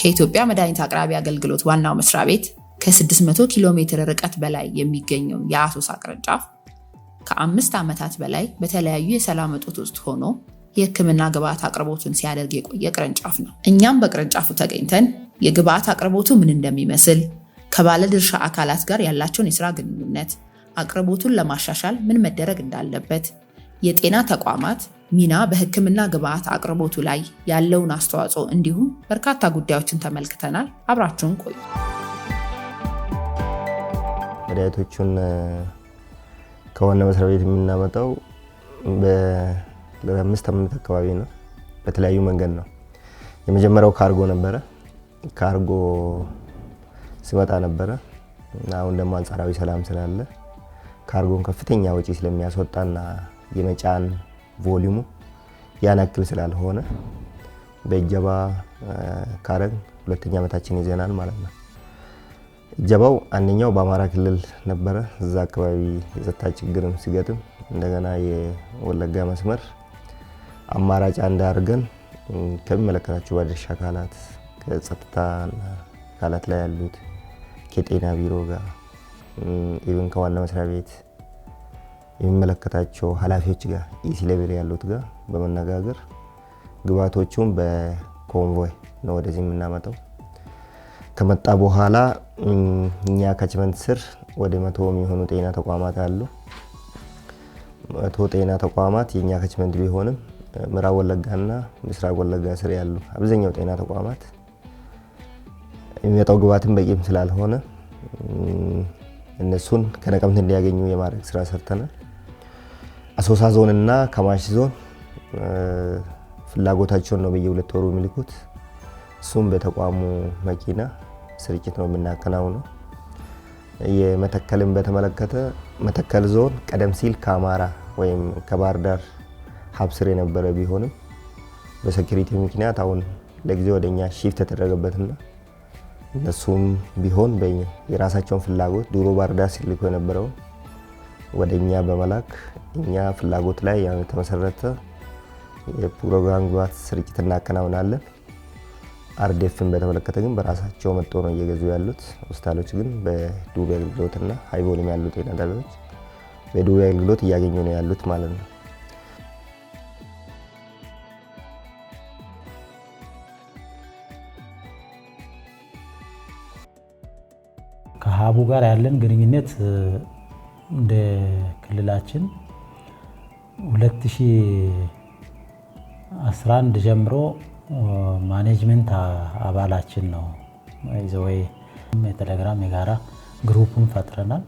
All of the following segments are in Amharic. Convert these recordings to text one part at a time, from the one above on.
ከኢትዮጵያ መድኃኒት አቅራቢ አገልግሎት ዋናው መስሪያ ቤት ከ600 ኪሎ ሜትር ርቀት በላይ የሚገኘው የአሶሳ ቅርንጫፍ ከአምስት ዓመታት በላይ በተለያዩ የሰላም እጦት ውስጥ ሆኖ የህክምና ግብዓት አቅርቦትን ሲያደርግ የቆየ ቅርንጫፍ ነው። እኛም በቅርንጫፉ ተገኝተን የግብዓት አቅርቦቱ ምን እንደሚመስል፣ ከባለድርሻ አካላት ጋር ያላቸውን የስራ ግንኙነት፣ አቅርቦቱን ለማሻሻል ምን መደረግ እንዳለበት የጤና ተቋማት ሚና በህክምና ግብዓት አቅርቦቱ ላይ ያለውን አስተዋጽኦ እንዲሁም በርካታ ጉዳዮችን ተመልክተናል። አብራችሁን ቆዩ። መድኃኒቶቹን ከዋና መስሪያ ቤት የምናመጣው በአምስት አምነት አካባቢ ነው። በተለያዩ መንገድ ነው። የመጀመሪያው ካርጎ ነበረ። ካርጎ ሲመጣ ነበረ። አሁን ደግሞ አንጻራዊ ሰላም ስላለ ካርጎን ከፍተኛ ወጪ ስለሚያስወጣና የመጫን ቮሊሙ ያን ያክል ስላልሆነ በእጀባ ካረግ ሁለተኛ ዓመታችን ይዘናል ማለት ነው። እጀባው አንደኛው በአማራ ክልል ነበረ። እዛ አካባቢ የጸጥታ ችግርም ሲገጥም እንደገና የወለጋ መስመር አማራጭ አንድ አድርገን ከሚመለከታቸው ባለድርሻ አካላት ከጸጥታ አካላት ላይ ያሉት ከጤና ቢሮ ጋር ኢቨን ከዋና መስሪያ ቤት የሚመለከታቸው ኃላፊዎች ጋር ኢሲ ሌቭል ያሉት ጋር በመነጋገር ግብዓቶቹን በኮንቮይ ነው ወደዚህ የምናመጣው። ከመጣ በኋላ እኛ ካችመንት ስር ወደ መቶ የሚሆኑ ጤና ተቋማት አሉ። መቶ ጤና ተቋማት የእኛ ካችመንት ቢሆንም ምዕራብ ወለጋና ምስራቅ ወለጋ ስር ያሉ አብዛኛው ጤና ተቋማት የሚመጣው ግብዓትም በቂም ስላልሆነ እነሱን ከነቀምት እንዲያገኙ የማድረግ ስራ ሰርተናል። አሶሳ ዞን እና ከማሽ ዞን ፍላጎታቸውን ነው በየሁለት ወሩ የሚልኩት። እሱም በተቋሙ መኪና ስርጭት ነው የምናከናውነው። የመተከልን በተመለከተ መተከል ዞን ቀደም ሲል ከአማራ ወይም ከባህር ዳር ሀብስር የነበረ ቢሆንም በሴኪሪቲ ምክንያት አሁን ለጊዜ ወደኛ ሺፍት ተደረገበትና እነሱም ቢሆን የራሳቸውን ፍላጎት ድሮ ባህር ዳር ሲልኩ የነበረውን ወደ እኛ በመላክ እኛ ፍላጎት ላይ የተመሰረተ የፕሮግራም ግባት ስርጭት እናከናውናለን። አርዴፍን በተመለከተ ግን በራሳቸው መጥቶ ነው እየገዙ ያሉት። ሆስፒታሎች ግን በዱቤ አገልግሎትና ሀይ ቮሊም ያሉ ጤና ጣቢያዎች በዱቤ አገልግሎት እያገኙ ነው ያሉት ማለት ነው። ከሀቡ ጋር ያለን ግንኙነት እንደ ክልላችን 2011 ጀምሮ ማኔጅመንት አባላችን ነው ይዘወይ የቴሌግራም የጋራ ግሩፕን ፈጥረናል።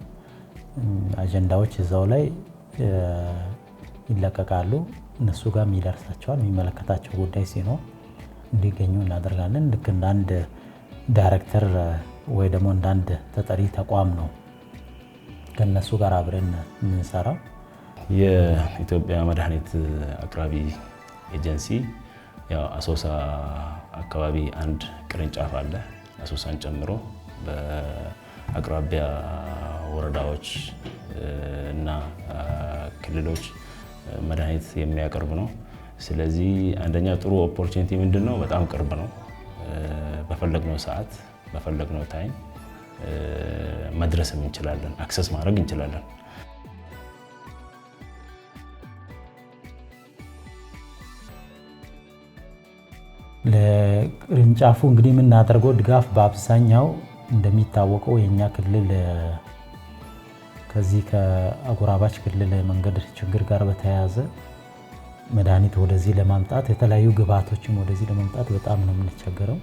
አጀንዳዎች እዛው ላይ ይለቀቃሉ። እነሱ ጋር ይደርሳቸዋል። የሚመለከታቸው ጉዳይ ሲኖር እንዲገኙ እናደርጋለን። ልክ እንደ አንድ ዳይሬክተር ወይ ደግሞ እንደ አንድ ተጠሪ ተቋም ነው ከነሱ ጋር አብረን የምንሰራው የኢትዮጵያ መድኃኒት አቅራቢ ኤጀንሲ አሶሳ አካባቢ አንድ ቅርንጫፍ አለ። አሶሳን ጨምሮ በአቅራቢያ ወረዳዎች እና ክልሎች መድኃኒት የሚያቀርብ ነው። ስለዚህ አንደኛ ጥሩ ኦፖርቹኒቲ ምንድን ነው? በጣም ቅርብ ነው። በፈለግነው ሰዓት በፈለግነው ታይም መድረስም እንችላለን፣ አክሰስ ማድረግ እንችላለን። ለቅርንጫፉ እንግዲህ የምናደርገው ድጋፍ በአብዛኛው እንደሚታወቀው የእኛ ክልል ከዚህ ከአጎራባች ክልል መንገድ ችግር ጋር በተያያዘ መድኃኒት ወደዚህ ለማምጣት የተለያዩ ግብዓቶችን ወደዚህ ለማምጣት በጣም ነው የምንቸገረው።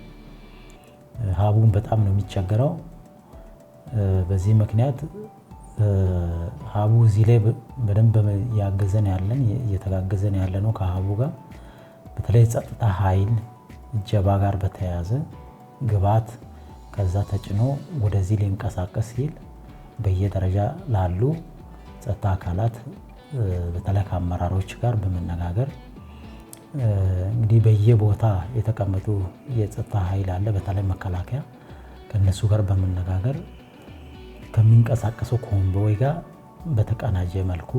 ሀቡን በጣም ነው የሚቸገረው። በዚህ ምክንያት ሀቡ እዚህ ላይ በደንብ ያገዘን ያለን እየተጋገዘን ያለ ነው። ከሀቡ ጋር በተለይ ጸጥታ ኃይል እጀባ ጋር በተያያዘ ግብአት ከዛ ተጭኖ ወደዚህ ሊንቀሳቀስ ሲል በየደረጃ ላሉ ጸጥታ አካላት በተለይ ከአመራሮች ጋር በመነጋገር እንግዲህ በየቦታ የተቀመጡ የጸጥታ ኃይል አለ። በተለይ መከላከያ ከእነሱ ጋር በመነጋገር ከሚንቀሳቀሰው ኮንቮይ ጋር በተቀናጀ መልኩ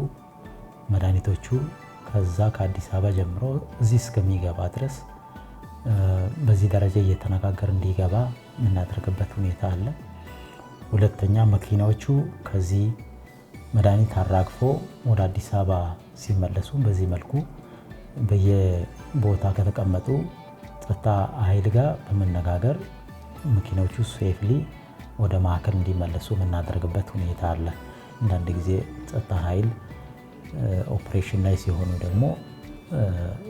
መድኃኒቶቹ ከዛ ከአዲስ አበባ ጀምሮ እዚህ እስከሚገባ ድረስ በዚህ ደረጃ እየተነጋገር እንዲገባ የምናደርግበት ሁኔታ አለ። ሁለተኛ መኪናዎቹ ከዚህ መድኃኒት አራግፎ ወደ አዲስ አበባ ሲመለሱ በዚህ መልኩ በየቦታ ከተቀመጡ ጸጥታ ኃይል ጋር በመነጋገር መኪናዎቹ ሴፍሊ ወደ ማዕከል እንዲመለሱ የምናደርግበት ሁኔታ አለ። አንዳንድ ጊዜ ጸጥታ ኃይል ኦፕሬሽን ላይ ሲሆኑ ደግሞ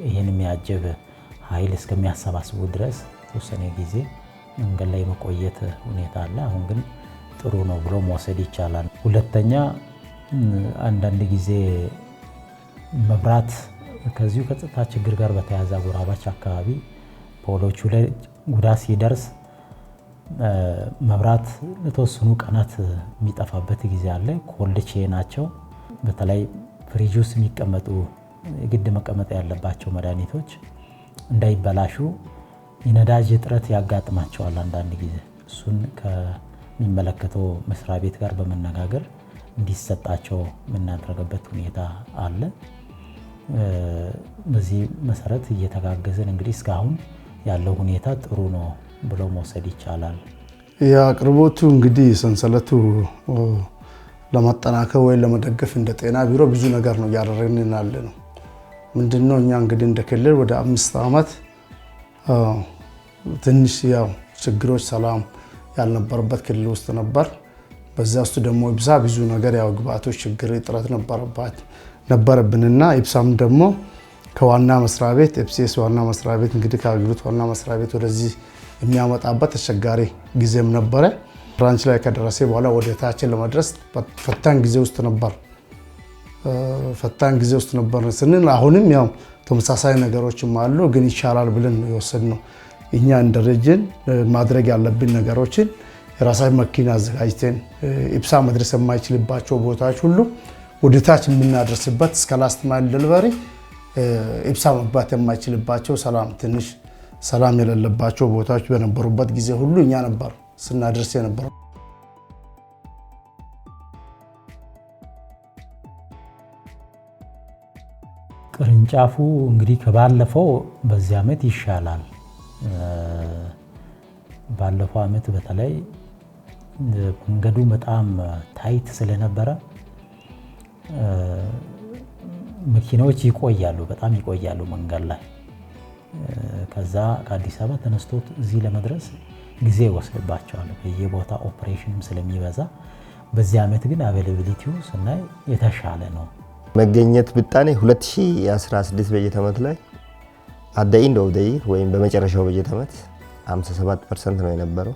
ይህን የሚያጀብ ኃይል እስከሚያሰባስቡ ድረስ ተወሰነ ጊዜ መንገድ ላይ መቆየት ሁኔታ አለ። አሁን ግን ጥሩ ነው ብሎ መውሰድ ይቻላል። ሁለተኛ አንዳንድ ጊዜ መብራት ከዚሁ ከጸጥታ ችግር ጋር በተያያዘ አጎራባች አካባቢ ፖሎቹ ላይ ጉዳት ሲደርስ መብራት ለተወሰኑ ቀናት የሚጠፋበት ጊዜ አለ። ኮልድ ቼን ናቸው። በተለይ ፍሪጅ ውስጥ የሚቀመጡ ግድ መቀመጥ ያለባቸው መድኃኒቶች እንዳይበላሹ የነዳጅ እጥረት ያጋጥማቸዋል አንዳንድ ጊዜ። እሱን ከሚመለከተው መስሪያ ቤት ጋር በመነጋገር እንዲሰጣቸው የምናደርግበት ሁኔታ አለ። በዚህ መሰረት እየተጋገዝን እንግዲህ እስካሁን ያለው ሁኔታ ጥሩ ነው። ብሎ መውሰድ ይቻላል። የአቅርቦቱ እንግዲህ ሰንሰለቱ ለማጠናከር ወይም ለመደገፍ እንደ ጤና ቢሮ ብዙ ነገር ነው እያደረግን ያለ ነው። ምንድነው እኛ እንግዲህ እንደ ክልል ወደ አምስት ዓመት ትንሽ ያው ችግሮች ሰላም ያልነበረበት ክልል ውስጥ ነበር። በዛ ውስጥ ደግሞ ኢብሳ ብዙ ነገር ያው ግብአቶች ችግር እጥረት ነበረባት ነበረብንና ኢብሳም ደግሞ ከዋና መስሪያ ቤት ኤፕሲኤስ ዋና መስሪያ ቤት እንግዲህ ከአገልግሎት ዋና መስሪያ ቤት ወደዚህ የሚያመጣበት አስቸጋሪ ጊዜም ነበረ። ብራንች ላይ ከደረሴ በኋላ ወደ ታችን ለመድረስ ፈታን ጊዜ ውስጥ ነበር ፈታን ጊዜ ውስጥ ነበር ስንል አሁንም ያው ተመሳሳይ ነገሮችም አሉ፣ ግን ይሻላል ብለን ነው የወሰድነው። እኛ እንደ ማድረግ ያለብን ነገሮችን የራሳዊ መኪና አዘጋጅተን ኢብሳ መድረስ የማይችልባቸው ቦታዎች ሁሉ ወደ ታች የምናደርስበት እስከ ላስት ማይል ደልቨሪ ኢብሳ መግባት የማይችልባቸው ሰላም ትንሽ ሰላም የሌለባቸው ቦታዎች በነበሩበት ጊዜ ሁሉ እኛ ነበር ስናደርስ የነበረው። ቅርንጫፉ እንግዲህ ከባለፈው በዚህ ዓመት ይሻላል። ባለፈው ዓመት በተለይ መንገዱ በጣም ታይት ስለነበረ መኪናዎች ይቆያሉ፣ በጣም ይቆያሉ መንገድ ላይ ከዛ ከአዲስ አበባ ተነስቶት እዚህ ለመድረስ ጊዜ ወስድባቸዋል በየቦታ ኦፕሬሽንም ስለሚበዛ፣ በዚህ ዓመት ግን አቬላብሊቲው ስናይ የተሻለ ነው። መገኘት ብጣኔ 2016 በጀት ዓመት ላይ አደ ኢንድ ኦፍ ዘይር ወይም በመጨረሻው በጀት ዓመት 57 ፐርሰንት ነው የነበረው።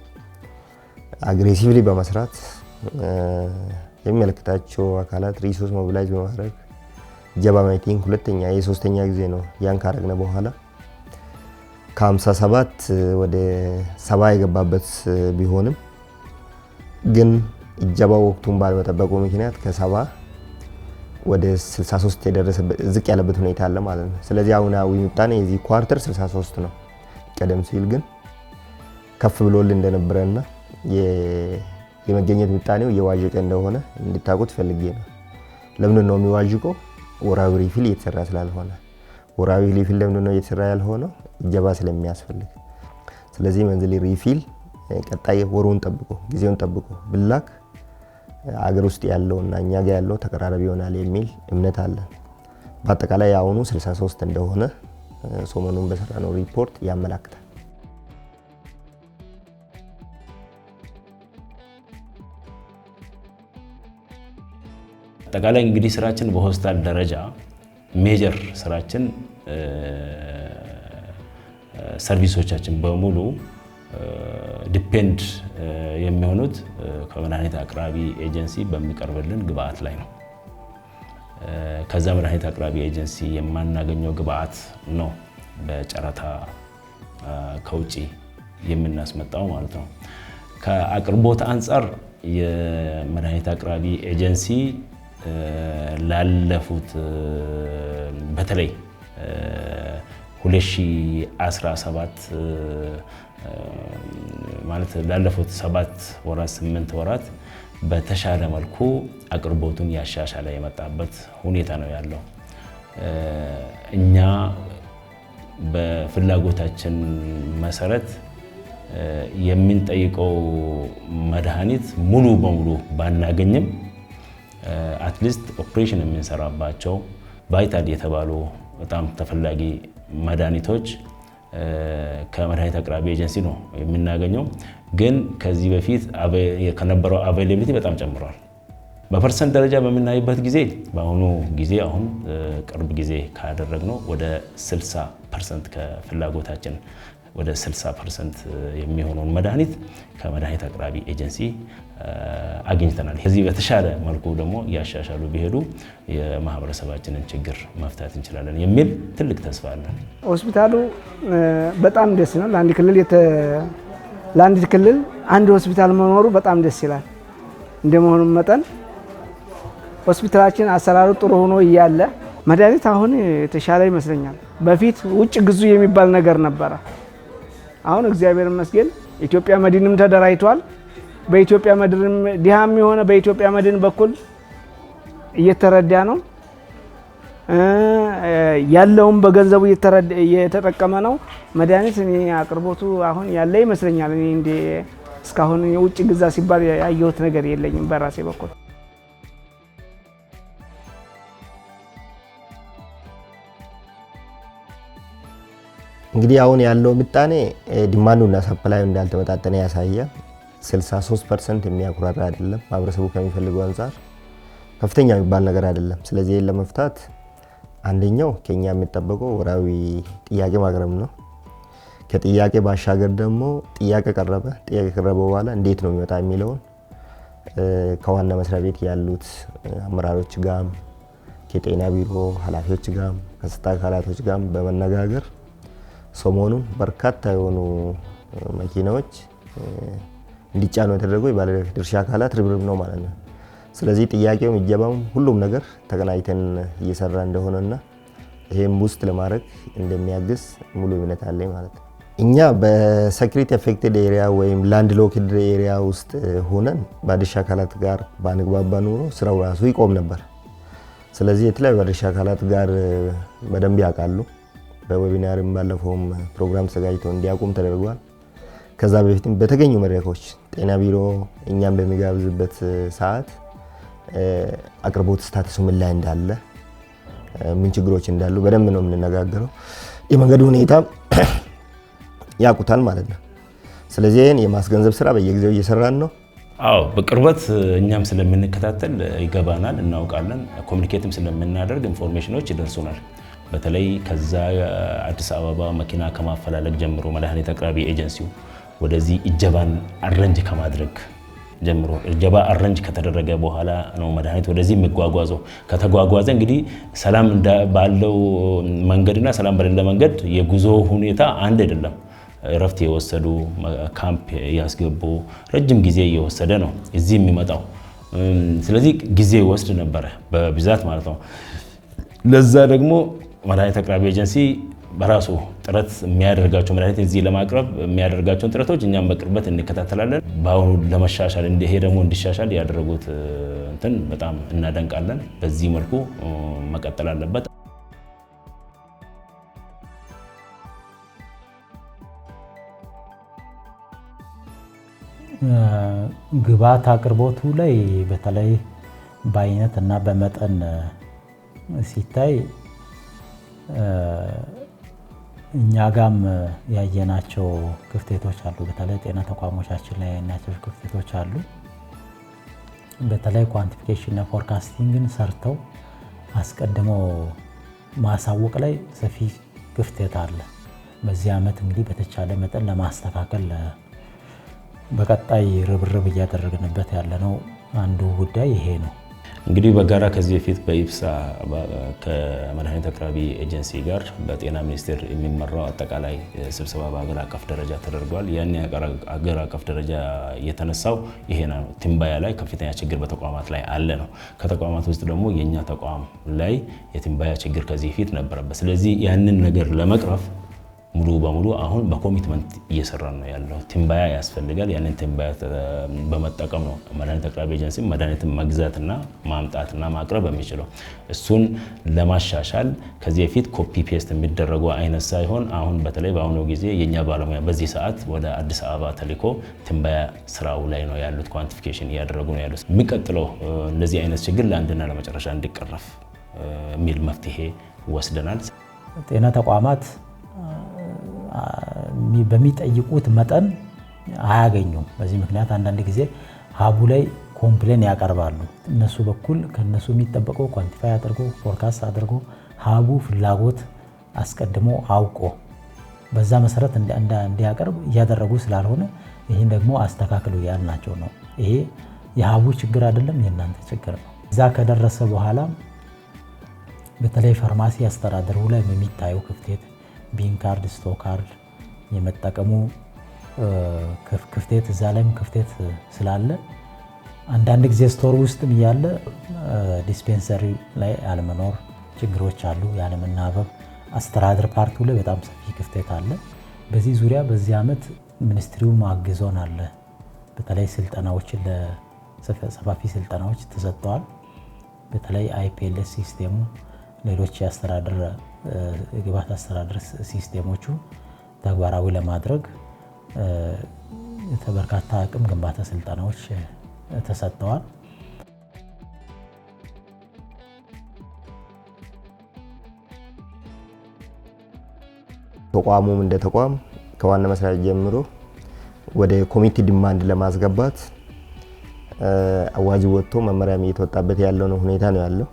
አግሬሲቭሊ በመስራት የሚመለከታቸው አካላት ሪሶርስ ሞቢላይዝ በማድረግ ጀባ ማይቲንግ ሁለተኛ የሶስተኛ ጊዜ ነው ያን ካረግነ በኋላ ከ57 ወደ ሰባ የገባበት ቢሆንም ግን እጀባው ወቅቱን ባለመጠበቁ ምክንያት ከሰባ ወደ 63 የደረሰበት ዝቅ ያለበት ሁኔታ አለ ማለት ነው። ስለዚህ አሁናዊ ምጣኔ የዚህ ኳርተር 63 ነው። ቀደም ሲል ግን ከፍ ብሎል እንደነበረና የመገኘት ምጣኔው እየዋዠቀ እንደሆነ እንድታውቁት ፈልጌ ነው። ለምንድን ነው የሚዋዥቀው? ወራዊ ሪፊል እየተሰራ ስላልሆነ። ወራዊ ሪፊል ለምንድን ነው እየተሰራ ያልሆነው? እጀባ ስለሚያስፈልግ ስለዚህ መንዝሊ ሪፊል ቀጣይ ወሩን ጠብቆ ጊዜውን ጠብቆ ብላክ አገር ውስጥ ያለው እና እኛ ጋር ያለው ተቀራራቢ ይሆናል የሚል እምነት አለን። በአጠቃላይ የአሁኑ 63 እንደሆነ ሰሞኑን በሰራነው ሪፖርት ያመላክታል። አጠቃላይ እንግዲህ ስራችን በሆስፒታል ደረጃ ሜጀር ስራችን ሰርቪሶቻችን በሙሉ ዲፔንድ የሚሆኑት ከመድኃኒት አቅራቢ ኤጀንሲ በሚቀርብልን ግብአት ላይ ነው። ከዛ መድኃኒት አቅራቢ ኤጀንሲ የማናገኘው ግብአት ነው በጨረታ ከውጭ የምናስመጣው ማለት ነው። ከአቅርቦት አንጻር የመድኃኒት አቅራቢ ኤጀንሲ ላለፉት በተለይ 2017 ማለት ላለፉት ሰባት ወራት ስምንት ወራት በተሻለ መልኩ አቅርቦቱን ያሻሻለ የመጣበት ሁኔታ ነው ያለው። እኛ በፍላጎታችን መሰረት የምንጠይቀው መድኃኒት ሙሉ በሙሉ ባናገኝም አትሊስት ኦፕሬሽን የምንሰራባቸው ቫይታል የተባሉ በጣም ተፈላጊ መድኃኒቶች ከመድኃኒት አቅራቢ ኤጀንሲ ነው የምናገኘው። ግን ከዚህ በፊት ከነበረው አቬይላቢሊቲ በጣም ጨምሯል። በፐርሰንት ደረጃ በምናይበት ጊዜ በአሁኑ ጊዜ አሁን ቅርብ ጊዜ ካደረግነው ወደ 60 ፐርሰንት ከፍላጎታችን ወደ 60 ፐርሰንት የሚሆነውን መድኃኒት ከመድኃኒት አቅራቢ ኤጀንሲ አግኝተናል። ከዚህ በተሻለ መልኩ ደግሞ እያሻሻሉ ቢሄዱ የማህበረሰባችንን ችግር መፍታት እንችላለን የሚል ትልቅ ተስፋ አለን። ሆስፒታሉ በጣም ደስ ነው። ለአንድ ክልል ክልል አንድ ሆስፒታል መኖሩ በጣም ደስ ይላል። እንደመሆኑም መጠን ሆስፒታላችን አሰራሩ ጥሩ ሆኖ እያለ መድኃኒት አሁን የተሻለ ይመስለኛል። በፊት ውጭ ግዙ የሚባል ነገር ነበረ። አሁን እግዚአብሔር ይመስገን ኢትዮጵያ መድንም ተደራጅቷል። በኢትዮጵያ መድን ድሃም የሆነ በኢትዮጵያ መድን በኩል እየተረዳ ነው ያለውም በገንዘቡ እየተጠቀመ ነው። መድኃኒት እኔ አቅርቦቱ አሁን ያለ ይመስለኛል። እኔ እንደ እስካሁን የውጭ ግዛ ሲባል ያየሁት ነገር የለኝም በራሴ በኩል። እንግዲህ አሁን ያለው ምጣኔ ዲማንዱና ሰፕላዩ እንዳልተመጣጠነ ያሳያል። 63 ፐርሰንት የሚያኩራራ አይደለም። ማህበረሰቡ ከሚፈልገው አንጻር ከፍተኛ የሚባል ነገር አይደለም። ስለዚህ ይህን ለመፍታት አንደኛው ከኛ የሚጠበቀው ወራዊ ጥያቄ ማቅረብ ነው። ከጥያቄ ባሻገር ደግሞ ጥያቄ ቀረበ፣ ጥያቄ ቀረበ በኋላ እንዴት ነው የሚወጣ የሚለውን ከዋና መስሪያ ቤት ያሉት አመራሮች ጋም ከጤና ቢሮ ኃላፊዎች ጋም ከጸጥታ አካላቶች ጋም በመነጋገር ሰሞኑን በርካታ የሆኑ መኪናዎች እንዲጫኑ ያደረገው ድርሻ አካላት ርብርብ ነው ማለት ነው። ስለዚህ ጥያቄውም እጀባውም ሁሉም ነገር ተቀናጅተን እየሰራ እንደሆነና ይህም ውስጥ ለማድረግ እንደሚያግዝ ሙሉ እምነት አለኝ ማለት ነው። እኛ በሴኩሪቲ አፌክትድ ኤሪያ ወይም ላንድ ሎክድ ኤሪያ ውስጥ ሆነን ባለድርሻ አካላት ጋር ባንግባባ ኑሮ ስራው ራሱ ይቆም ነበር። ስለዚህ የተለያዩ ባለድርሻ አካላት ጋር በደንብ ያውቃሉ። በዌቢናርም ባለፈውም ፕሮግራም ተዘጋጅተው እንዲያውቁም ተደርጓል። ከዛ በፊትም በተገኙ መድረኮች ጤና ቢሮ እኛም በሚጋብዝበት ሰዓት አቅርቦት ስታትሱ ምን ላይ እንዳለ ምን ችግሮች እንዳሉ በደንብ ነው የምንነጋገረው። የመንገዱ ሁኔታ ያቁታል ማለት ነው። ስለዚህ ይህን የማስገንዘብ ስራ በየጊዜው እየሰራን ነው። አዎ በቅርበት እኛም ስለምንከታተል ይገባናል፣ እናውቃለን። ኮሚኒኬትም ስለምናደርግ ኢንፎርሜሽኖች ይደርሱናል። በተለይ ከዛ አዲስ አበባ መኪና ከማፈላለግ ጀምሮ መድኃኒት አቅራቢ ኤጀንሲው ወደዚህ እጀባን አረንጅ ከማድረግ ጀምሮ እጀባ አረንጅ ከተደረገ በኋላ ነው መድኃኒት ወደዚህ የሚጓጓዘው። ከተጓጓዘ እንግዲህ ሰላም ባለው መንገድና ሰላም በሌለ መንገድ የጉዞ ሁኔታ አንድ አይደለም። እረፍት የወሰዱ ካምፕ ያስገቡ ረጅም ጊዜ እየወሰደ ነው እዚህ የሚመጣው። ስለዚህ ጊዜ ይወስድ ነበረ በብዛት ማለት ነው። ለዛ ደግሞ መድኃኒት አቅራቢ ኤጀንሲ በራሱ ጥረት የሚያደርጋቸው መድኃኒት እዚህ ለማቅረብ የሚያደርጋቸውን ጥረቶች እኛም በቅርበት እንከታተላለን። በአሁኑ ለመሻሻል እንዲሄ ደግሞ እንዲሻሻል ያደረጉት እንትን በጣም እናደንቃለን። በዚህ መልኩ መቀጠል አለበት። ግብአት አቅርቦቱ ላይ በተለይ በአይነት እና በመጠን ሲታይ እኛ ጋም ያየናቸው ክፍተቶች አሉ። በተለይ ጤና ተቋሞቻችን ላይ ያየናቸው ክፍተቶች አሉ። በተለይ ኳንቲፊኬሽን እና ፎርካስቲንግን ሰርተው አስቀድሞ ማሳወቅ ላይ ሰፊ ክፍተት አለ። በዚህ ዓመት እንግዲህ በተቻለ መጠን ለማስተካከል በቀጣይ ርብርብ እያደረግንበት ያለነው አንዱ ጉዳይ ይሄ ነው። እንግዲህ በጋራ ከዚህ በፊት በኢፕሳ ከመድኃኒት አቅራቢ ኤጀንሲ ጋር በጤና ሚኒስቴር የሚመራው አጠቃላይ ስብሰባ በሀገር አቀፍ ደረጃ ተደርጓል። ያን አገር አቀፍ ደረጃ የተነሳው ይሄ ነው፣ ትንባያ ላይ ከፍተኛ ችግር በተቋማት ላይ አለ ነው። ከተቋማት ውስጥ ደግሞ የእኛ ተቋም ላይ የትንባያ ችግር ከዚህ በፊት ነበረበት። ስለዚህ ያንን ነገር ለመቅረፍ ሙሉ በሙሉ አሁን በኮሚትመንት እየሰራን ነው ያለው። ትንባያ ያስፈልጋል። ያንን ትንባያ በመጠቀም ነው መድኃኒት አቅራቢ ኤጀንሲ መድኃኒትን መግዛትና ማምጣትና ማቅረብ የሚችለው። እሱን ለማሻሻል ከዚህ በፊት ኮፒ ፔስት የሚደረጉ አይነት ሳይሆን አሁን በተለይ በአሁኑ ጊዜ የእኛ ባለሙያ በዚህ ሰዓት ወደ አዲስ አበባ ተልኮ ትንባያ ስራው ላይ ነው ያሉት፣ ኳንቲፊኬሽን እያደረጉ ነው ያሉት። የሚቀጥለው እንደዚህ አይነት ችግር ለአንድና ለመጨረሻ እንዲቀረፍ የሚል መፍትሄ ወስደናል። ጤና ተቋማት በሚጠይቁት መጠን አያገኙም። በዚህ ምክንያት አንዳንድ ጊዜ ሀቡ ላይ ኮምፕሌን ያቀርባሉ። እነሱ በኩል ከነሱ የሚጠበቀው ኳንቲፋይ አድርጎ ፎርካስት አድርጎ ሀቡ ፍላጎት አስቀድሞ አውቆ በዛ መሰረት እንዲያቀርብ እያደረጉ ስላልሆነ ይህን ደግሞ አስተካክሉ ያልናቸው ነው። ይሄ የሀቡ ችግር አይደለም፣ የእናንተ ችግር ነው። እዛ ከደረሰ በኋላ በተለይ ፋርማሲ አስተዳደሩ ላይ የሚታየው ክፍተት ቢን ካርድ ስቶ ካርድ የመጠቀሙ ክፍተት እዛ ላይም ክፍተት ስላለ አንዳንድ ጊዜ ስቶር ውስጥም እያለ ዲስፔንሰሪ ላይ አለመኖር ችግሮች አሉ። ያለመናበብ አስተዳደር ፓርቱ ላይ በጣም ሰፊ ክፍተት አለ። በዚህ ዙሪያ በዚህ ዓመት ሚኒስትሪው ማግዞን አለ። በተለይ ስልጠናዎችን ለሰፋፊ ስልጠናዎች ተሰጥተዋል። በተለይ አይፒኤልኤስ ሲስቴሙ ሌሎች የአስተዳደር የግብአት አስተዳደር ሲስቴሞቹ ተግባራዊ ለማድረግ በርካታ አቅም ግንባታ ስልጠናዎች ተሰጥተዋል። ተቋሙም እንደ ተቋም ከዋና መስሪያ ጀምሮ ወደ ኮሚቴ ዲማንድ ለማስገባት አዋጅ ወጥቶ መመሪያም እየተወጣበት ነው ሁኔታ ነው ያለው።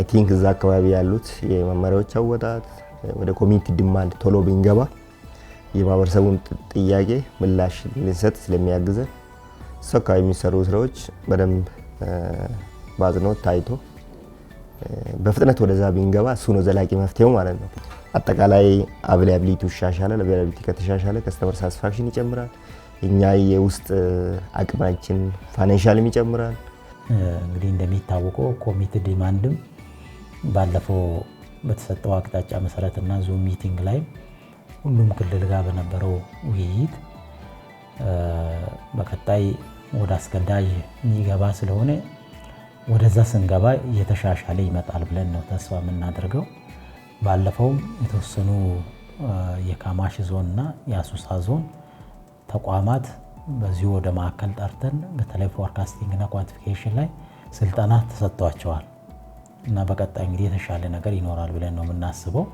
አይ ቲንክ እዛ አካባቢ ያሉት የመመሪያዎች አወጣት ወደ ኮሚኒቲ ዲማንድ ቶሎ ብንገባ የማህበረሰቡን ጥያቄ ምላሽ ልንሰጥ ስለሚያግዘን እሱ አካባቢ የሚሰሩ ስራዎች በደንብ በአጽንኦት ታይቶ በፍጥነት ወደዛ ብንገባ እሱ ነው ዘላቂ መፍትሄው ማለት ነው። አጠቃላይ አቬላብሊቲ ይሻሻላል። አቬላብሊቲ ከተሻሻለ ከስተመር ሳትስፋክሽን ይጨምራል። እኛ የውስጥ አቅማችን ፋይናንሻልም ይጨምራል። እንግዲህ እንደሚታወቀው ኮሚት ዲማንድም ባለፈው በተሰጠው አቅጣጫ መሰረትና ዙም ሚቲንግ ላይ ሁሉም ክልል ጋር በነበረው ውይይት በቀጣይ ወደ አስገዳጅ የሚገባ ስለሆነ ወደዛ ስንገባ እየተሻሻለ ይመጣል ብለን ነው ተስፋ የምናደርገው። ባለፈውም የተወሰኑ የካማሽ ዞን እና የአሱሳ ዞን ተቋማት በዚሁ ወደ ማዕከል ጠርተን በተለይ ፎርካስቲንግ እና ኳንቲፊኬሽን ላይ ስልጠና ተሰጥቷቸዋል። እና በቀጣይ እንግዲህ የተሻለ ነገር ይኖራል ብለን ነው የምናስበው።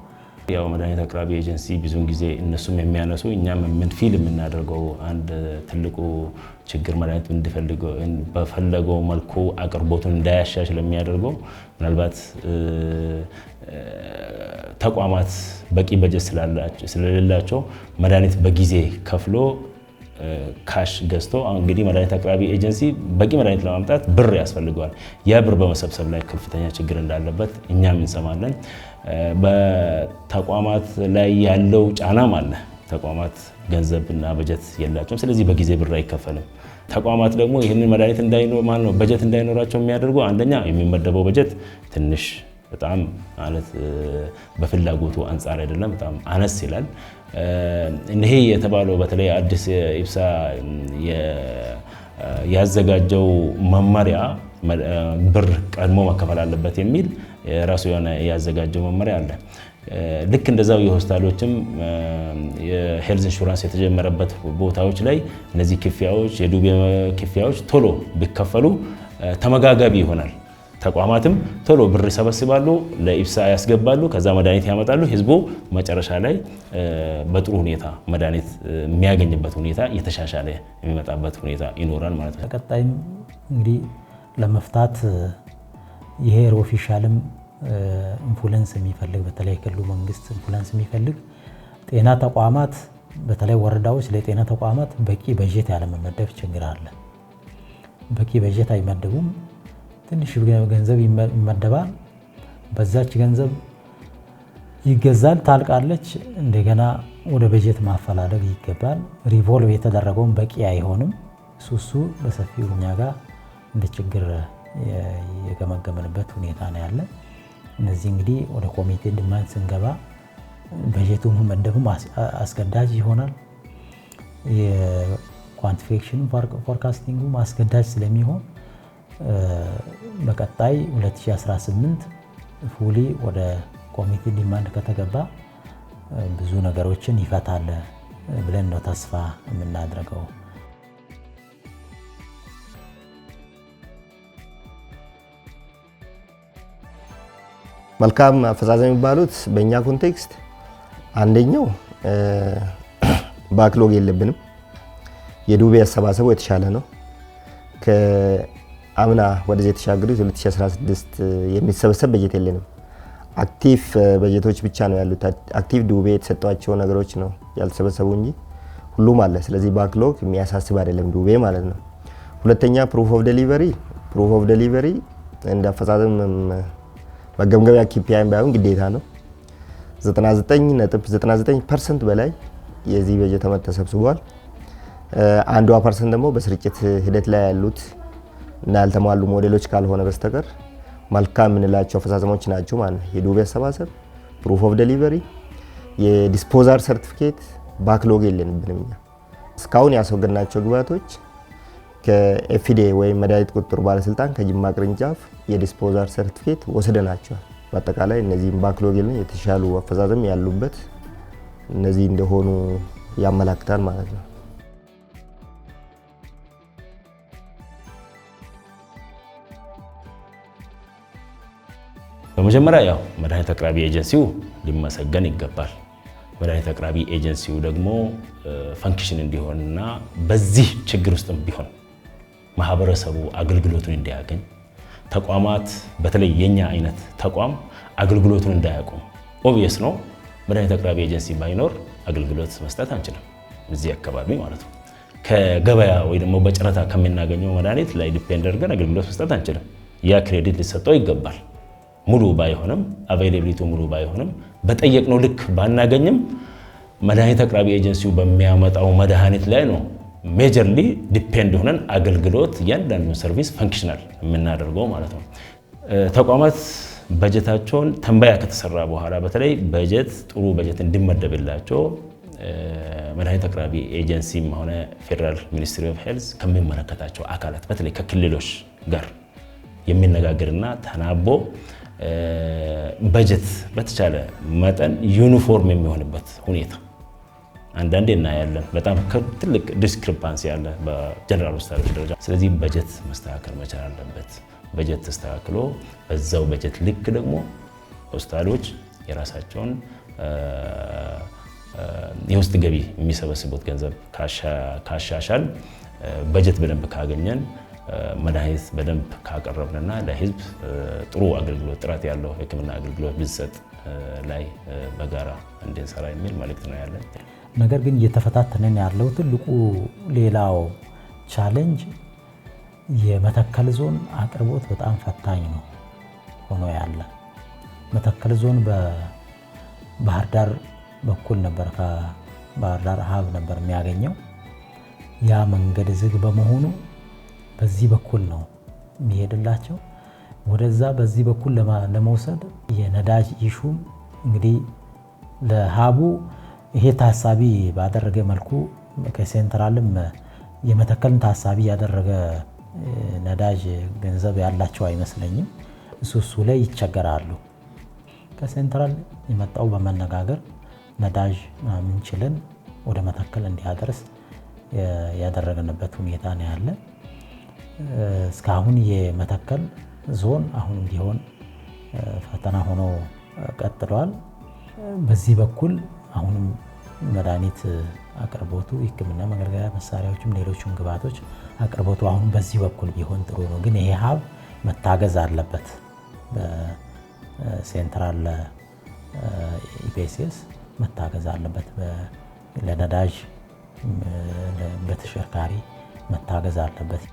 ያው መድኃኒት አቅራቢ ኤጀንሲ ብዙውን ጊዜ እነሱም የሚያነሱ እኛም የምንፊል የምናደርገው አንድ ትልቁ ችግር መድኃኒት በፈለገው መልኩ አቅርቦቱን እንዳያሻሽል የሚያደርገው ምናልባት ተቋማት በቂ በጀት ስለሌላቸው መድኃኒት በጊዜ ከፍሎ ካሽ ገዝቶ እንግዲህ መድኃኒት አቅራቢ ኤጀንሲ በቂ መድኃኒት ለማምጣት ብር ያስፈልገዋል። ያ ብር በመሰብሰብ ላይ ከፍተኛ ችግር እንዳለበት እኛም እንሰማለን። በተቋማት ላይ ያለው ጫናም አለ። ተቋማት ገንዘብና በጀት የላቸውም። ስለዚህ በጊዜ ብር አይከፈልም። ተቋማት ደግሞ ይህንን መድኃኒት እንዳይኖር ነው በጀት እንዳይኖራቸው የሚያደርጉ አንደኛ የሚመደበው በጀት ትንሽ በጣም ማለት በፍላጎቱ አንጻር አይደለም፣ በጣም አነስ ይላል። ይሄ የተባለው በተለይ አዲስ ኢብሳ ያዘጋጀው መመሪያ ብር ቀድሞ መከፈል አለበት የሚል ራሱ የሆነ ያዘጋጀው መመሪያ አለ። ልክ እንደዛው የሆስፒታሎችም የሄልዝ ኢንሹራንስ የተጀመረበት ቦታዎች ላይ እነዚህ ክፍያዎች የዱቤ ክፍያዎች ቶሎ ቢከፈሉ ተመጋጋቢ ይሆናል። ተቋማትም ቶሎ ብር ይሰበስባሉ፣ ለኢብሳ ያስገባሉ፣ ከዛ መድኃኒት ያመጣሉ። ህዝቡ መጨረሻ ላይ በጥሩ ሁኔታ መድኃኒት የሚያገኝበት ሁኔታ የተሻሻለ የሚመጣበት ሁኔታ ይኖራል ማለት ነው። ቀጣይም እንግዲህ ለመፍታት ይሄ ሮፊሻልም ኢንፍሉዌንስ የሚፈልግ በተለይ ክልሉ መንግስት ኢንፍሉዌንስ የሚፈልግ ጤና ተቋማት በተለይ ወረዳዎች ለጤና ተቋማት በቂ በጀት ያለመመደብ ችግር አለ። በቂ በጀት አይመደቡም። ትንሽ ገንዘብ ይመደባል። በዛች ገንዘብ ይገዛል፣ ታልቃለች። እንደገና ወደ በጀት ማፈላለግ ይገባል። ሪቮልቭ የተደረገውን በቂ አይሆንም። ሱሱ እሱ በሰፊው እኛ ጋር እንደ ችግር የገመገምንበት ሁኔታ ነው ያለ። እነዚህ እንግዲህ ወደ ኮሚቴ ድማን ስንገባ በጀቱ መመደቡም አስገዳጅ ይሆናል። የኳንቲፊኬሽን ፎርካስቲንጉም አስገዳጅ ስለሚሆን በቀጣይ 2018 ፉሊ ወደ ኮሚቴ ዲማንድ ከተገባ ብዙ ነገሮችን ይፈታል ብለን ነው ተስፋ የምናደርገው። መልካም አፈጻጸም የሚባሉት በእኛ ኮንቴክስት አንደኛው ባክሎግ የለብንም። የዱቤ አሰባሰቡ የተሻለ ነው። አምና ወደዚህ የተሻገሩት 2016 የሚሰበሰብ በጀት የለንም። አክቲቭ በጀቶች ብቻ ነው ያሉት። አክቲቭ ዱቤ የተሰጧቸው ነገሮች ነው ያልተሰበሰቡ እንጂ ሁሉም አለ። ስለዚህ ባክሎግ የሚያሳስብ አይደለም ዱቤ ማለት ነው። ሁለተኛ ፕሩፍ ኦፍ ዴሊቨሪ ፕሩፍ ኦፍ ዴሊቨሪ እንደ አፈጻጸም መገምገሚያ ኪፒአይም ባይሆን ግዴታ ነው። 99.99 ፐርሰንት በላይ የዚህ በጀት ተመት ተሰብስቧል። አንዷ ፐርሰንት ደግሞ በስርጭት ሂደት ላይ ያሉት እና ያልተሟሉ ሞዴሎች ካልሆነ በስተቀር መልካም የምንላቸው አፈጻጸሞች ናቸው ማለት ነው። የዱቤ አሰባሰብ፣ ፕሩፍ ኦፍ ደሊቨሪ የዲስፖዛር ሰርቲፊኬት ባክሎግ የለንብንም እኛ እስካሁን ያስወገድናቸው ግብዓቶች ከኤፍዴ ወይም መድኃኒት ቁጥጥር ባለስልጣን ከጅማ ቅርንጫፍ የዲስፖዛር ሰርቲፊኬት ወስደናቸዋል። በአጠቃላይ እነዚህም ባክሎግ የተሻሉ አፈጻጸም ያሉበት እነዚህ እንደሆኑ ያመላክታል ማለት ነው። በመጀመሪያ ያው መድኃኒት አቅራቢ ኤጀንሲው ሊመሰገን ይገባል። መድኃኒት አቅራቢ ኤጀንሲው ደግሞ ፈንክሽን እንዲሆንና በዚህ ችግር ውስጥም ቢሆን ማህበረሰቡ አገልግሎቱን እንዲያገኝ ተቋማት በተለይ የኛ አይነት ተቋም አገልግሎቱን እንዳያቆም ኦብየስ ነው። መድኃኒት አቅራቢ ኤጀንሲ ባይኖር አገልግሎት መስጠት አንችልም፣ እዚህ አካባቢ ማለት ነው። ከገበያ ወይ ደግሞ በጨረታ ከምናገኘው መድኃኒት ላይ ዲፔንድ አድርገን አገልግሎት መስጠት አንችልም። ያ ክሬዲት ሊሰጠው ይገባል። ሙሉ ባይሆንም አቬይላብሊቲ ሙሉ ባይሆንም በጠየቅነው ልክ ባናገኝም መድኃኒት አቅራቢ ኤጀንሲው በሚያመጣው መድኃኒት ላይ ነው ሜጀርሊ ዲፔንድ ሆነን አገልግሎት እያንዳንዱ ሰርቪስ ፈንክሽናል የምናደርገው ማለት ነው። ተቋማት በጀታቸውን ተንበያ ከተሰራ በኋላ በተለይ በጀት ጥሩ በጀት እንዲመደብላቸው መድኃኒት አቅራቢ ኤጀንሲም ሆነ ፌዴራል ሚኒስትሪ ኦፍ ሄልዝ ከሚመለከታቸው አካላት በተለይ ከክልሎች ጋር የሚነጋገርና ተናቦ በጀት በተቻለ መጠን ዩኒፎርም የሚሆንበት ሁኔታ አንዳንዴ እናያለን። በጣም ትልቅ ዲስክሪፓንሲ ያለ በጀነራል ሆስፒታሎች ደረጃ። ስለዚህ በጀት መስተካከል መቻል አለበት። በጀት ተስተካክሎ በዛው በጀት ልክ ደግሞ ሆስፒታሎች የራሳቸውን የውስጥ ገቢ የሚሰበስቡት ገንዘብ ካሻሻል በጀት በደንብ ካገኘን መድኃኒት በደንብ ካቀረብንና ለህዝብ ጥሩ አገልግሎት ጥራት ያለው ህክምና አገልግሎት ብንሰጥ ላይ በጋራ እንድንሰራ የሚል መልእክት ነው ያለን። ነገር ግን እየተፈታተነን ያለው ትልቁ ሌላው ቻሌንጅ የመተከል ዞን አቅርቦት በጣም ፈታኝ ነው ሆኖ ያለ። መተከል ዞን በባህር ዳር በኩል ነበር ከባህር ዳር ሀብ ነበር የሚያገኘው ያ መንገድ ዝግ በመሆኑ በዚህ በኩል ነው የሚሄድላቸው። ወደዛ በዚህ በኩል ለመውሰድ የነዳጅ ኢሹም እንግዲህ ለሀቡ ይሄ ታሳቢ ባደረገ መልኩ ከሴንትራልም የመተከልን ታሳቢ ያደረገ ነዳጅ ገንዘብ ያላቸው አይመስለኝም። እሱ እሱ ላይ ይቸገራሉ። ከሴንትራል የመጣው በመነጋገር ነዳጅ ምናምን ችለን ወደ መተከል እንዲያደርስ ያደረግንበት ሁኔታ ነው ያለ። እስካሁን የመተከል ዞን አሁን እንዲሆን ፈተና ሆኖ ቀጥሏል። በዚህ በኩል አሁንም መድኃኒት አቅርቦቱ የሕክምና መገልገያ መሳሪያዎችም ሌሎችም ግብዓቶች አቅርቦቱ አሁን በዚህ በኩል ቢሆን ጥሩ ነው። ግን ይሄ ሀብ መታገዝ አለበት። በሴንትራል ኢቤሲስ መታገዝ አለበት። ለነዳጅ በተሽከርካሪ መታገዝ አለበት።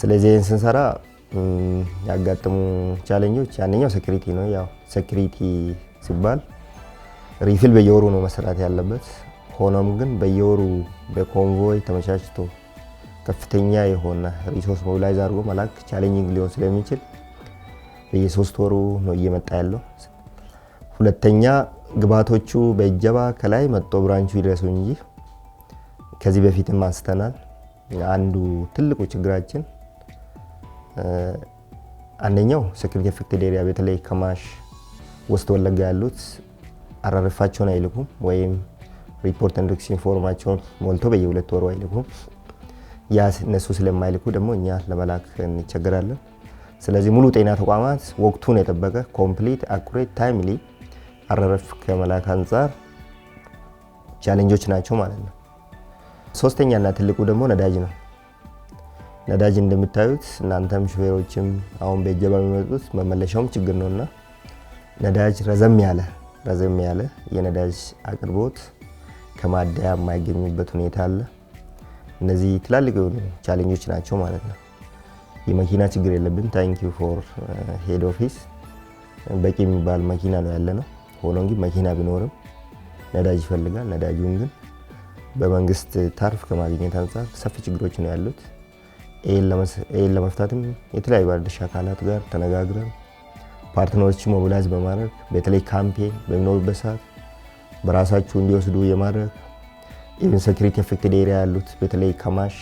ስለዚህ ይህን ስንሰራ ያጋጠሙ ቻለንጆች አንደኛው ሴኩሪቲ ነው። ያው ሴኩሪቲ ሲባል ሪፊል በየወሩ ነው መሰራት ያለበት። ሆኖም ግን በየወሩ በኮንቮይ ተመቻችቶ ከፍተኛ የሆነ ሪሶርስ ሞቢላይዝ አድርጎ መላክ ቻሌንጂንግ ሊሆን ስለሚችል በየሶስት ወሩ ነው እየመጣ ያለው። ሁለተኛ ግባቶቹ በእጀባ ከላይ መጦ ብራንቹ ይድረሱ እንጂ ከዚህ በፊትም አንስተናል። አንዱ ትልቁ ችግራችን አንደኛው ሴኩሪቲ ኢንፌክትድ ኤሪያ በተለይ ከማሽ ውስጥ ወለጋ ያሉት አራርፋቸውን አይልኩም ወይም ሪፖርት ኤንድ ሪስክ ኢንፎርማቸውን ሞልቶ በየሁለት ወሩ አይልኩም። ያ እነሱ ስለማይልኩ ደግሞ እኛ ለመላክ እንቸገራለን። ስለዚህ ሙሉ ጤና ተቋማት ወቅቱን የጠበቀ ኮምፕሊት አኩሬት ታይምሊ አረረፍ ከመላክ አንጻር ቻሌንጆች ናቸው ማለት ነው። ሶስተኛና ትልቁ ደግሞ ነዳጅ ነው። ነዳጅ እንደምታዩት እናንተም ሹፌሮችም አሁን በእጀባ የሚመጡት መመለሻውም ችግር እና ነዳጅ ረዘም ያለ ረዘም ያለ የነዳጅ አቅርቦት ከማደያ የማይገኙበት ሁኔታ አለ። እነዚህ ትላልቅ የሆኑ ቻሌንጆች ናቸው ማለት ነው። የመኪና ችግር የለብን። ታንክ ዩ ፎር ሄድ ኦፊስ በቂ የሚባል መኪና ነው ያለ ነው። ሆኖ ግን መኪና ቢኖርም ነዳጅ ይፈልጋል። ነዳጁን ግን በመንግስት ታሪፍ ከማግኘት አንጻር ሰፊ ችግሮች ነው ያሉት። ይህን ለመፍታትም የተለያዩ ባለድርሻ አካላት ጋር ተነጋግረን ፓርትነሮችን ሞቢላይዝ በማድረግ በተለይ ካምፔን በሚኖሩበት ሰዓት በራሳችሁ እንዲወስዱ የማድረግ ኢቨን ሴኩሪቲ ኤፌክትድ ኤሪያ ያሉት በተለይ ከማሽ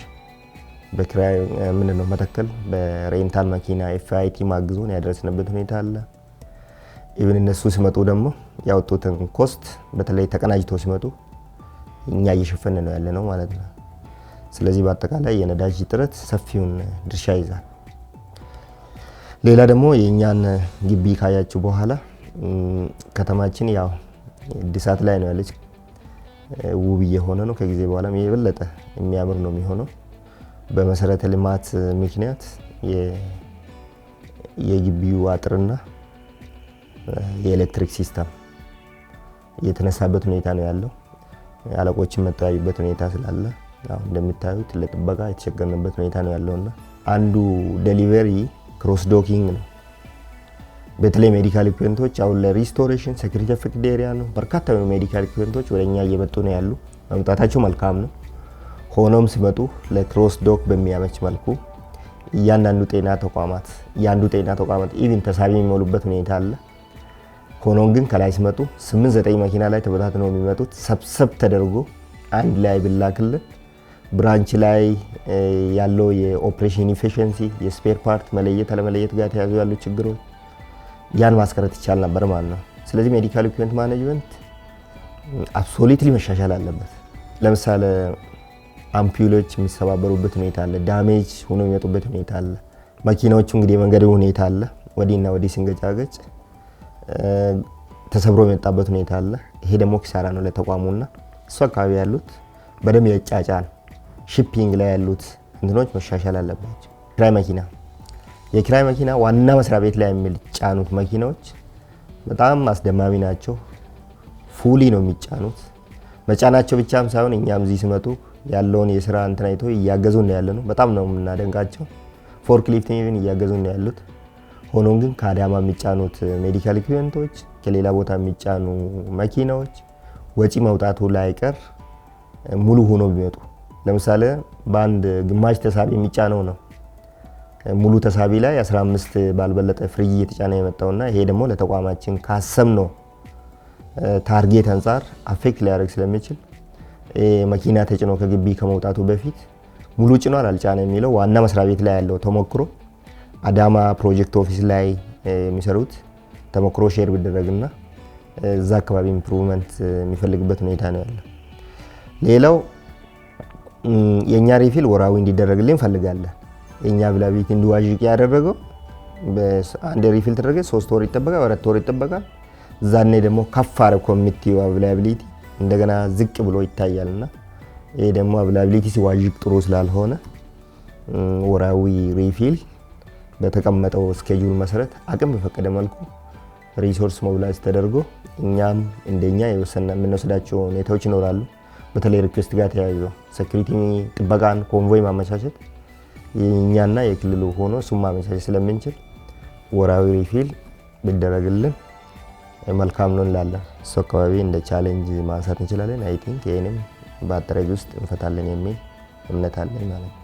በኪራይ ምንድን ነው መተከል በሬንታል መኪና ኤፍአይቲ ማግዞን ያደረስንበት ሁኔታ አለ። ኢቨን እነሱ ሲመጡ ደግሞ ያወጡትን ኮስት በተለይ ተቀናጅቶ ሲመጡ እኛ እየሸፈን ነው ያለ ነው ማለት ነው። ስለዚህ በአጠቃላይ የነዳጅ እጥረት ሰፊውን ድርሻ ይዛል። ሌላ ደግሞ የእኛን ግቢ ካያችሁ በኋላ ከተማችን ያው እድሳት ላይ ነው ያለች። ውብ እየሆነ ነው። ከጊዜ በኋላ የበለጠ የሚያምር ነው የሚሆነው። በመሰረተ ልማት ምክንያት የግቢው አጥርና የኤሌክትሪክ ሲስተም የተነሳበት ሁኔታ ነው ያለው። አለቆችን መጠያዩበት ሁኔታ ስላለ እንደምታዩት ለጥበቃ የተቸገርንበት ሁኔታ ነው ያለውና አንዱ ደሊቨሪ ክሮስ ዶኪንግ ነው። በተለይ ሜዲካል ኢኩዊፕመንቶች አሁን ለሪስቶሬሽን ሴኩሪቲ አፌክትድ ኤሪያ ነው። በርካታ የሆኑ ሜዲካል ኢኩዊፕመንቶች ወደ እኛ እየመጡ ነው ያሉ። መምጣታቸው መልካም ነው። ሆኖም ሲመጡ ለክሮስ ዶክ በሚያመች መልኩ እያንዳንዱ ጤና ተቋማት እያንዱ ጤና ተቋማት ኢቭን ተሳቢ የሚሞሉበት ሁኔታ አለ። ሆኖም ግን ከላይ ሲመጡ ስምንት ዘጠኝ መኪና ላይ ተበታትነው የሚመጡት ሰብሰብ ተደርጎ አንድ ላይ ብላክልን ብራንች ላይ ያለው የኦፕሬሽን ኢፊሽንሲ የስፔር ፓርት መለየት አለመለየት ጋር ተያዙ ያሉ ችግሮች ያን ማስቀረት ይቻል ነበር ማለት ነው። ስለዚህ ሜዲካል ኢኩፕመንት ማኔጅመንት አብሶሊትሊ መሻሻል አለበት። ለምሳሌ አምፒሎች የሚሰባበሩበት ሁኔታ አለ፣ ዳሜጅ ሆኖ የሚወጡበት ሁኔታ አለ። መኪናዎቹ እንግዲህ የመንገድ ሁኔታ አለ፣ ወዲህና ወዲህ ሲንገጫገጭ ተሰብሮ የመጣበት ሁኔታ አለ። ይሄ ደግሞ ኪሳራ ነው ለተቋሙና እሱ አካባቢ ያሉት በደንብ የጫጫ ነው። ሺፒንግ ላይ ያሉት እንትኖች መሻሻል አለባቸው። ክራይ መኪና የክራይ መኪና ዋና መስሪያ ቤት ላይ የሚጫኑት መኪናዎች በጣም አስደማሚ ናቸው። ፉሊ ነው የሚጫኑት። መጫናቸው ብቻም ሳይሆን እኛም እዚህ ሲመጡ ያለውን የስራ እንትን አይቶ እያገዙ ነው ያለ ነው። በጣም ነው የምናደንቃቸው። ፎርክሊፍት ኢቭን እያገዙ ነው ያሉት። ሆኖም ግን ከአዳማ የሚጫኑት ሜዲካል ኢኩዊፕመንቶች፣ ከሌላ ቦታ የሚጫኑ መኪናዎች ወጪ መውጣቱ ላይቀር ሙሉ ሆኖ ቢመጡ ለምሳሌ በአንድ ግማሽ ተሳቢ የሚጫነው ነው ሙሉ ተሳቢ ላይ 15 ባልበለጠ ፍሪጅ እየተጫነ የመጣውና ይሄ ደግሞ ለተቋማችን ነው ታርጌት አንጻር አፌክት ሊያደርግ ስለሚችል መኪና ተጭኖ ከግቢ ከመውጣቱ በፊት ሙሉ ጭኗል አልጫነ የሚለው ዋና መስሪያ ቤት ላይ ያለው ተሞክሮ አዳማ ፕሮጀክት ኦፊስ ላይ የሚሰሩት ተሞክሮ ሼር ቢደረግና እዛ አካባቢ ኢምፕሩቭመንት የሚፈልግበት ሁኔታ ነው ያለው። ሌላው የእኛ ሪፊል ወራዊ እንዲደረግልኝ ፈልጋለን። የእኛ ብላቤት እንዲዋዥቅ ያደረገው አንድ ሪፊል ተደረገ ሶስት ወር ይጠበቃል፣ አራት ወር ይጠበቃል። ዛኔ ደግሞ ከፍ አለ ኮሚቴው አብላቢሊቲ እንደገና ዝቅ ብሎ ይታያልና ይሄ ደግሞ አብላቢሊቲ ሲዋዥቅ ጥሩ ስላልሆነ ወራዊ ሪፊል በተቀመጠው ስኬጁል መሰረት አቅም በፈቀደ መልኩ ሪሶርስ ሞብላይዝ ተደርጎ እኛም እንደኛ የወሰነ የምንወስዳቸው ሁኔታዎች ይኖራሉ። በተለይ ሪኩዌስት ጋር ተያይዞ ሴኩሪቲ ጥበቃን ኮንቮይ ማመቻቸት የእኛና የክልሉ ሆኖ እሱም ማመቻቸት ስለምንችል ወራዊ ሪፊል ቢደረግልን መልካም ነው እንላለን። እሱ አካባቢ እንደ ቻሌንጅ ማንሳት እንችላለን። አይ ቲንክ ይህንም በአጠረ ውስጥ እንፈታለን የሚል እምነት አለኝ ማለት ነው።